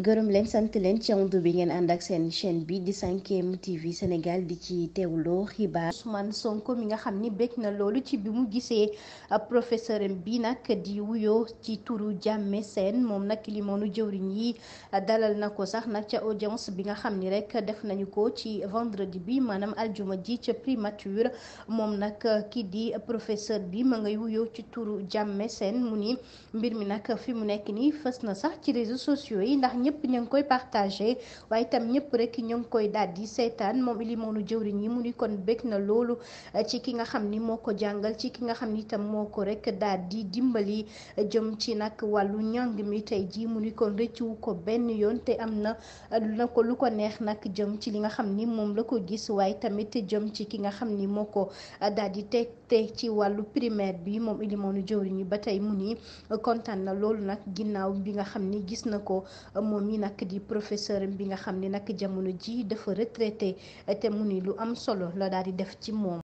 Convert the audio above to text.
gërëm leen sant leen ci ànd bi ngeen ànd ak seen chaîne bi di 5M TV Sénégal di ci teewloo xibaar Ousmane Sonko mi nga xam ni bég na loolu ci bi mu gisee professeur bi nag di wuyoo ci turu Jàmme Seen moom nag limoonu jëwriñ yi dalal na ko sax nag ca audience bi nga xam ni rek def nañu ko ci vendredi bi maanaam aljuma ji ca primature moom nag ki di professeur bi ma ngay wuyoo ci turu Jàmme Seen mu ni mbir mi nag fi mu nekk nii fës na sax ci réseaux sociaux yi ñëpp ñu ngi koy partagé waaye itam ñëpp rek ñu ngi koy daal di seetaan moom ilimoonu jëwriñ yi mu ni kon bég na loolu ci ki nga xam ni moo ko jàngal ci ki nga xam ni itam moo ko rek daal di dimbali jëm ci nag wàllu njàng mi tey jii mu ni kon rëccu ko benn yoon te am na na ko neex nag jëm ci li nga xam ni moom la ko gis waaye tamit jëm ci ki nga xam ni moo ko daal di teg te ci wàllu primaire bi moom ilimoonu jëwriñ yi ba tey mu ni kontaan na loolu nag ginnaaw bi nga xam ni gis na ko moom mi nag di professeur bi nga xam ni nag jamono ji dafa retraité te mu ni lu am solo la daal di def ci moom